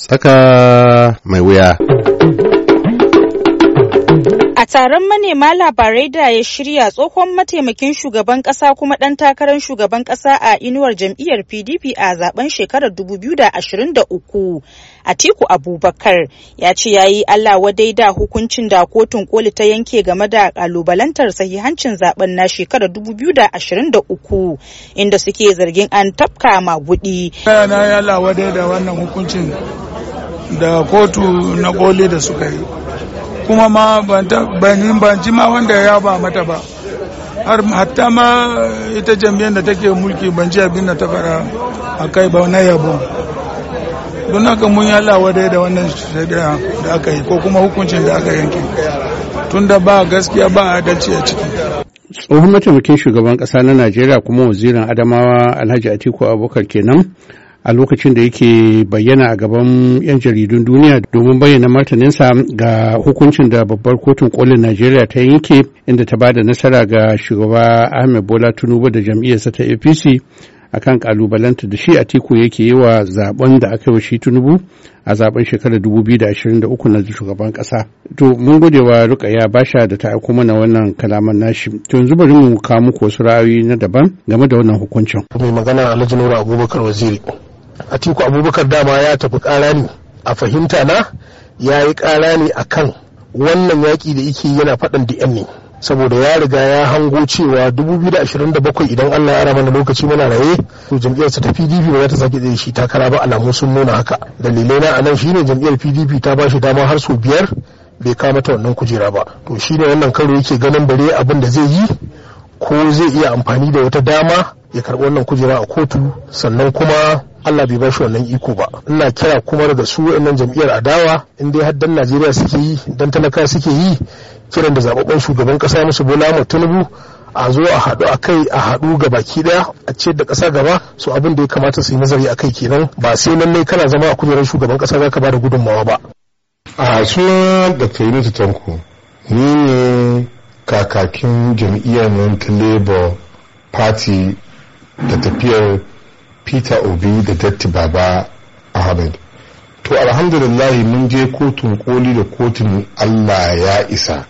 Saka mai wuya. taron manema labarai da ya shirya tsohon mataimakin shugaban kasa kuma dan takarar shugaban kasa a inuwar jam'iyyar pdp a zaben shekarar 2023 atiku abubakar ya ce ya yi allah wadai da hukuncin da kotun koli ta yanke game da kalubalantar sahihancin zaben na shekarar 2023 inda suke zargin an tafka magudi. da wannan hukuncin da kotu na koli da suka yi kuma ma ban ji ma wanda ya ba mata ba har hatta ma ita jami'an da take mulki ban ji abin da ta fara a kai ba na yabo don haka mun yi alawa dai da wannan shari'a da aka yi ko kuma hukuncin da aka yanke tun da ba gaskiya ba adalci a ciki tsohon mataimakin shugaban kasa na najeriya kuma wazirin adamawa alhaji atiku abubakar kenan a lokacin da yake bayyana a gaban 'yan jaridun duniya domin bayyana martaninsa ga hukuncin da babbar kotun kolin najeriya ta yanke inda ta ba da nasara ga shugaba ahmed bola tinubu da jam'iyyarsa ta apc akan kalubalanta da shi a tiku yake yi wa zaben da aka yi wa shi tunubu a zaben shekarar 2023 na shugaban kasa to mun gode wa rukaya basha da ta aiko mana wannan kalaman nashi to yanzu bari mu kawo muku wasu ra'ayoyi na daban game da wannan hukuncin mai magana alhaji nura abubakar waziri atiku abubakar dama ya tafi kara ne a fahimta na ya yi kara ne a kan wannan yaƙi da yake yana faɗan dm ne saboda ya riga ya hango cewa 2027 idan allah ya mana lokaci muna raye to sa ta pdp ba za ta sake tsaye shi takara ba alamu sun nuna haka dalilai na anan shine jam'iyyar pdp ta ba shi dama har sau biyar bai kama ta wannan kujera ba to shine wannan karo yake ganin bare abin da zai yi ko zai iya amfani da wata dama ya karɓi wannan kujera a kotu sannan kuma Allah bai bashi wannan iko ba ina kira kuma da su wayannan jam'iyyar adawa in dai haddan Najeriya suke yi dan talaka suke yi kiran da zababben shugaban kasa musu Bola Ahmed Tinubu a zo a haɗu a kai a haɗu ga baki daya a ce da kasa gaba su abin da ya kamata su yi nazari a kai kenan ba sai nan ne kana zama a kujerar shugaban ƙasa za ka ba da gudunmawa ba. a suna da ta tanko ni ne kakakin jam'iyyar nan ta labour party da tafiyar peter obi da datti baba ahmed to alhamdulillahi mun je kotun koli da kotun allah ya isa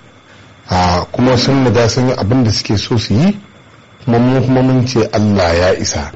a kuma sun da sun abin da suke so su yi kuma mun ce allah ya isa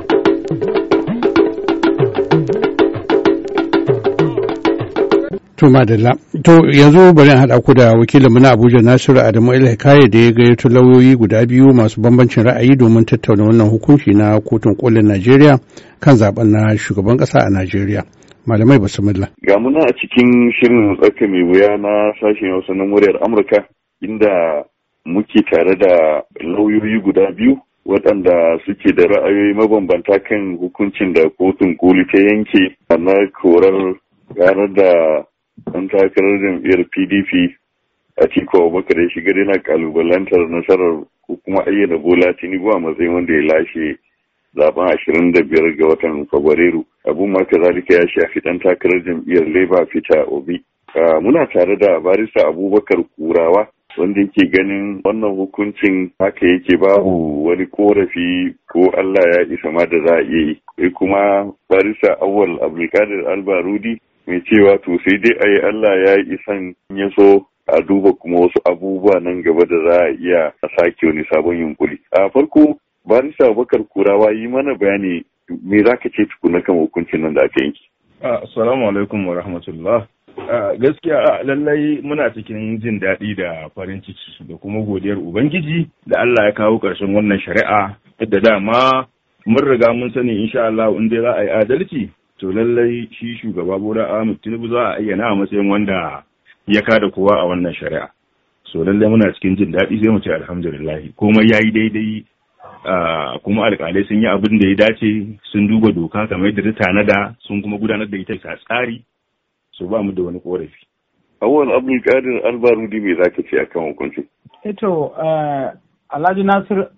To madalla, to yanzu bari in haɗa ku da wakilin na Abuja Nasiru Adamu Ilhikaye da ya gayyato lauyoyi guda biyu masu bambancin ra'ayi domin tattauna wannan hukunci na kotun kolin Najeriya kan zaben na shugaban ƙasa a Najeriya. Malamai basmilla. Ga muna a cikin shirin tsaka mai wuya na sashen Hausa na muryar Amurka inda muke tare da lauyoyi guda biyu waɗanda suke da ra'ayoyi mabambanta kan hukuncin da kotun koli ta yanke na korar ranar da ɗan takarar jam'iyyar pdp a tiko abubakar ya shiga yana kalubalantar nasarar ko kuma ayyana bola tinubu a matsayin wanda ya lashe zaben ashirin da biyar ga watan fabrairu abun ma zalika ya shafi ɗan takarar jam'iyyar labour fita obi muna tare da barista abubakar kurawa wanda yake ganin wannan hukuncin haka yake babu wani korafi ko Allah ya isa ma da za a iya yi. kuma barista awal Abdulkadir Albarudi mai cewa to sai dai a yi Allah ya yi isan ya so a duba kuma wasu abubuwa nan gaba da za a iya a sake wani sabon yunkuri. A farko barista Shabakar Kurawa yi mana bayani me za ka ce tukuna kan hukuncin nan da aka yanki. Assalamu alaikum wa rahmatullah. gaskiya lallai muna cikin jin daɗi da farin ciki da kuma godiyar ubangiji da Allah ya kawo ƙarshen wannan shari'a da dama mun riga mun sani insha Allah in dai za a yi adalci to lallai shi shugaba Bola Ahmed Tinubu za a ayyana a matsayin wanda ya kada kowa a wannan shari'a so lallai muna cikin jin daɗi sai mu ce alhamdulillah komai yayi daidai kuma alƙalai sun yi abin da ya dace sun duba doka kamar yadda ta tanada sun kuma gudanar da ita bisa tsari so ba mu da wani korafi awwal abdul qadir albarudi me zaka ce akan hukunci eto eh alhaji nasir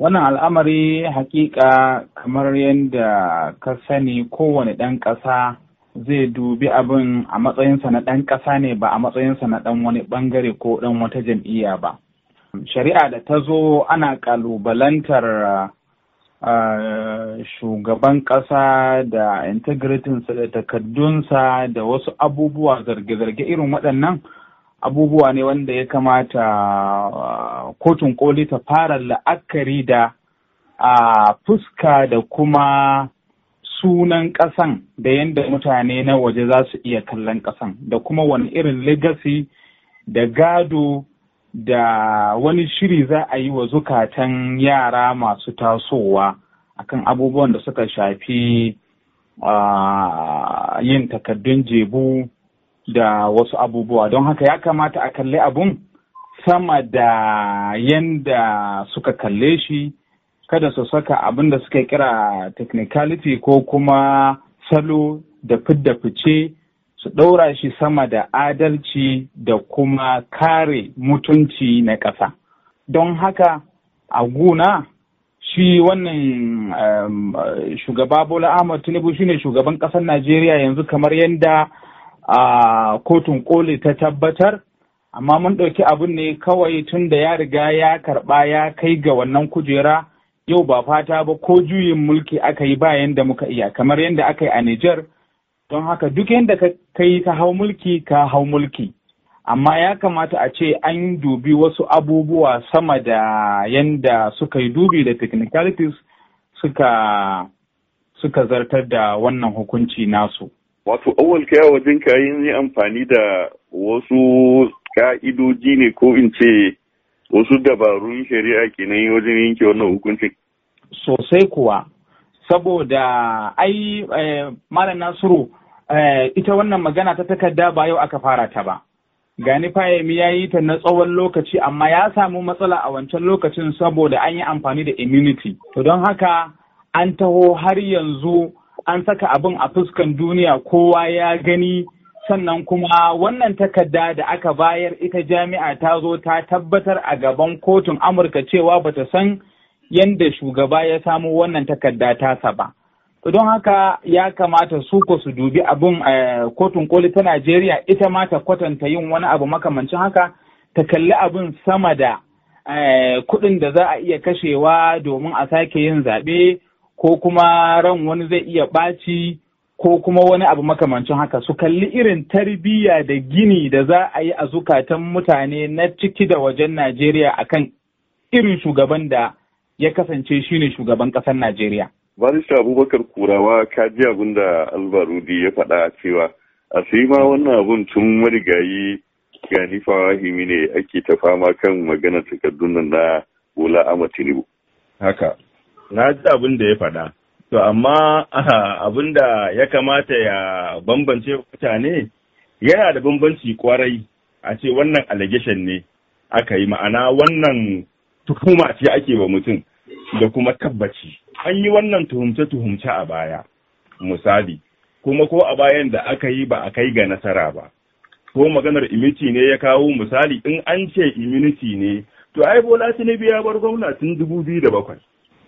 Wannan al'amari hakika kamar yadda ka sani kowane ɗan ƙasa zai dubi abin a matsayinsa na ɗan ƙasa ne ba a matsayinsa na ɗan wani ɓangare ko ɗan wata jam'iyya ba. Shari'a da ta zo ana ƙalubalantar Uh, shugaban ƙasa da integritinsa da takaddunsa da wasu abubuwa zarge-zarge irin waɗannan abubuwa ne wanda ya kamata uh, kotun koli ta fara la'akari da a uh, fuska da kuma sunan ƙasan da yadda mutane na waje za su iya kallon ƙasan da kuma wani irin legacy da gado da wani shiri za a yi wa zukatan yara masu tasowa akan abubuwan da suka shafi uh, yin takardun jebu da wasu abubuwa don haka ya kamata a kalli abun sama da yanda suka kalle shi kada su saka abin da suka kira technicality ko kuma salo da fidda fice su ɗaura shi sama da adalci da kuma kare mutunci na ƙasa don haka a guna shi wannan eh, shugaba bola ahmad tinubu shine shugaban ƙasar najeriya yanzu kamar yadda a kotun koli ta tabbatar amma mun ɗauki abin ne kawai tun da ya riga ya karɓa ya kai ga wannan kujera yau ba fata ba ko juyin mulki aka yi bayan da muka iya kamar yadda aka yi a Nijar don haka duk yadda ka yi ka hau mulki ka hau mulki amma ya kamata a ce an dubi wasu abubuwa sama da yadda suka yi dubi da technicalities suka suka zartar da wannan hukunci nasu. Wato awal kaya wajen kayan yi amfani da wasu ka'idoji ne ko in ce wasu dabarun shari'a kenan wajen yanke wannan hukuncin. Sosai kuwa, saboda ai eh, Malam Nasiru eh, ita wannan magana ta takarda ba yau aka fara ta ba. Gani fayemi ya yi ta na tsawon lokaci amma ya samu matsala a wancan lokacin saboda an yi amfani da immunity. To don haka an taho har yanzu an saka abin a fuskan duniya kowa ya gani sannan kuma wannan takarda da aka bayar ita jami'a ta zo ta tabbatar a gaban kotun amurka cewa bata san yadda shugaba ya samu wannan takarda tasa ba don haka ya kamata su ko su dubi abin eh, kotun koli ta najeriya ita ma ta kwatanta yin wani abu makamancin haka ta kalli abin sama da eh, kudin da za a iya kashewa domin a sake yin zaɓe ko kuma ran wani zai iya ɓaci ko kuma wani abu makamancin haka su kalli irin tarbiyya da gini da za a yi a zukatan mutane na ciki da wajen Najeriya akan irin shugaban da ya kasance shi ne shugaban ƙasar Najeriya. Barista Abubakar Kurawa ka ji abin da Albarudi ya faɗa cewa a sai ma wannan abin tun marigayi gani fawahimi ne ake ta fama kan maganar takardun nan na Bola Ahmad Tinubu. Haka. na ji abin da ya faɗa to amma abin da ya kamata ya bambance mutane yana da bambanci kwarai a ce wannan allegation ne aka yi ma'ana wannan tuhuma ce ake wa mutum da kuma tabbaci an yi wannan tuhumce-tuhumce a baya misali kuma ko a bayan da aka yi ba a kai ga nasara ba ko maganar imiti ne ya kawo misali in an ce immunity ne to ai bola tinubu biya bar gwamna tun dubu biyu da bakwai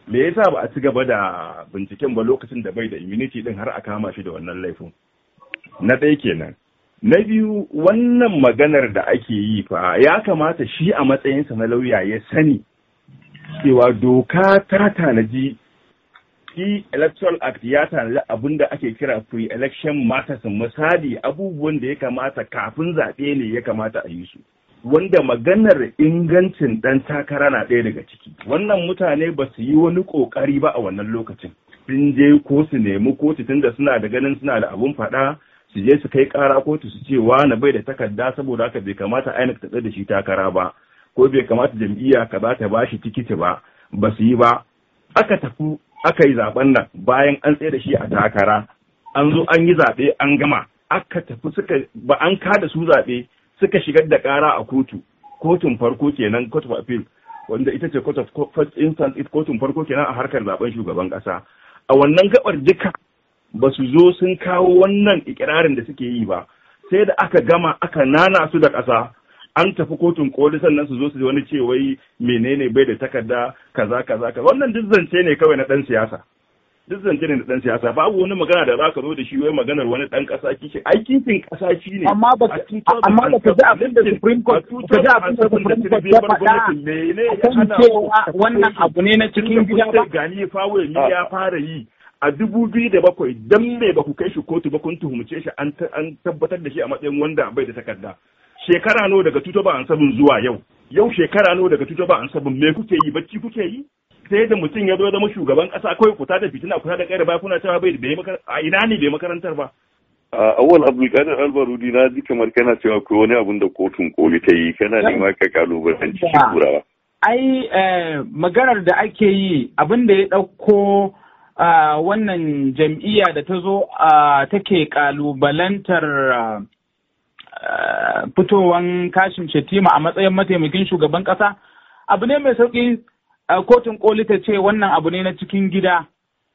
me yasa ba a ci gaba da binciken ba lokacin da bai da immunity din har a kama shi da wannan laifin na ɗaya kenan na biyu wannan maganar da ake yi fa ya kamata shi a matsayinsa na lauya ya sani cewa doka ta tanaji shi electoral act ya tanaji abin da ake kira pre-election matters misali abubuwan da ya kamata kafin zaɓe ne ya kamata a yi su wanda maganar ingancin ɗan takara na ɗaya daga ciki wannan mutane ba su yi wani ƙoƙari ba a wannan lokacin sun je ko su nemi kotu tunda suna da ganin suna da abun faɗa su je su kai ƙara kotu su ce na bai da takarda saboda haka bai kamata INEC ta da shi takara ba ko bai kamata jam'iyya ka za ta ba tikiti ba ba su yi ba aka tafi aka yi zaben nan bayan an tsaye da shi a takara an zo an yi zaɓe an gama aka tafi suka ba an kada su zaɓe suka shigar da ƙara a kotu kotun farko kenan court of appeal wanda ita ce court of first instance it kotun farko kenan a harkar zaben shugaban ƙasa a wannan gabar duka ba su zo sun kawo wannan ikirarin da suke yi ba sai da aka gama aka nana su da ƙasa an tafi kotun koli sannan su zo su wani ce wai menene bai da takarda kaza kaza kaza wannan duk zance ne kawai na ɗan siyasa duk zance ne da dan siyasa babu wani magana da zaka zo da shi wai maganar wani dan kasa kishi aikin kishin kasa shi ne amma ba amma ba ka ji abin da supreme court ka ji abin da supreme court ya faɗa ne ya hana wannan abu ne na cikin gida ba gani wai ni ya fara yi a dubu biyu da bakwai dan me ba ku kai shi kotu ba kun tuhumce shi an tabbatar da shi a matsayin wanda bai da takarda shekara no daga 2007 zuwa yau yau shekara no daga 2007 me kuke yi bacci kuke yi sai da mutum ya zo zama shugaban kasa akwai kuta da fitina kuta da kare ba kuna cewa bai bai a ina ne bai makarantar ba A awwal abdulkadir albarudi na ji kamar kana cewa ko wani abun da kotun koli ta yi kana nema ka kalubalanci cikin turawa ai eh, maganar da ake yi abin da ya ɗauko wannan jam'iyya da ta zo take kalubalantar fitowan kashin shetima a matsayin mataimakin shugaban ƙasa abu ne mai sauƙi kotun koli ta ce wannan abu ne na cikin gida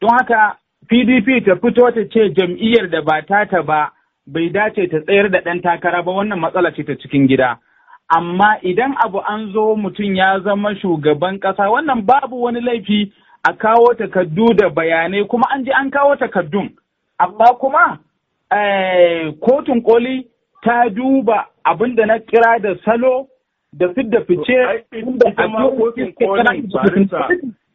don haka pdp ta fito ta ce jam'iyyar da ba ta ba bai dace ta tsayar da ɗan takara ba wannan matsala ce ta cikin gida amma idan abu an zo mutum ya zama shugaban ƙasa wannan babu wani laifi a kawo takardu da bayanai kuma an ji an kawo takardun amma kuma eh, kotun koli ta duba abin da na kira da salo da fit fice inda ita kotun kolin barisa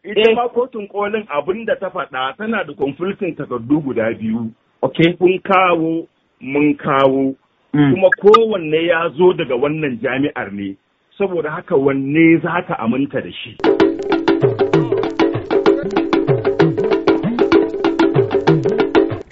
ita ma eh. kotun kolin abin da ta faɗa tana da conflicting takardu guda biyu okay kun kawo mun kawo mm. kuma kowanne ya zo daga wannan jami'ar ne saboda haka wanne za ka aminta da shi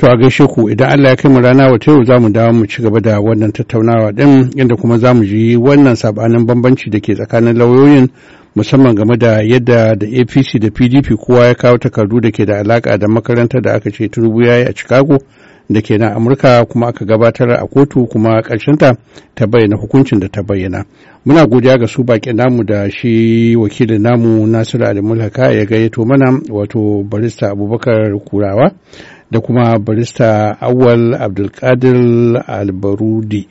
To a gaishe ku idan Allah ya kai mu rana wata yau za mu dawo mu ci gaba da wannan tattaunawa din inda kuma za mu ji wannan sabanin bambanci da ke tsakanin lauyoyin musamman game da yadda da APC da PDP kowa ya kawo takardu da ke da alaka da makaranta da aka ce turbu yayi a Chicago da ke na Amurka kuma aka gabatar a kotu kuma karshen ta ta bayyana hukuncin da ta bayyana. Muna godiya ga su baƙin namu da shi wakilin namu Nasiru Ali Mulhaka ya gayyato mana wato barista Abubakar Kurawa. da kuma barista awal abdulkadir albarudi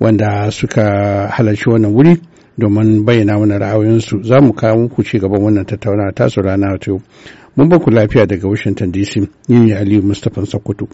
wanda suka halarci wannan wuri domin bayyana mana ra'ayoyinsu za mu kawo muku ci gaban wannan tattaunawa tasu rana ta yau mun ba ku lafiya daga washington dc yin aliyu mustapha sokoto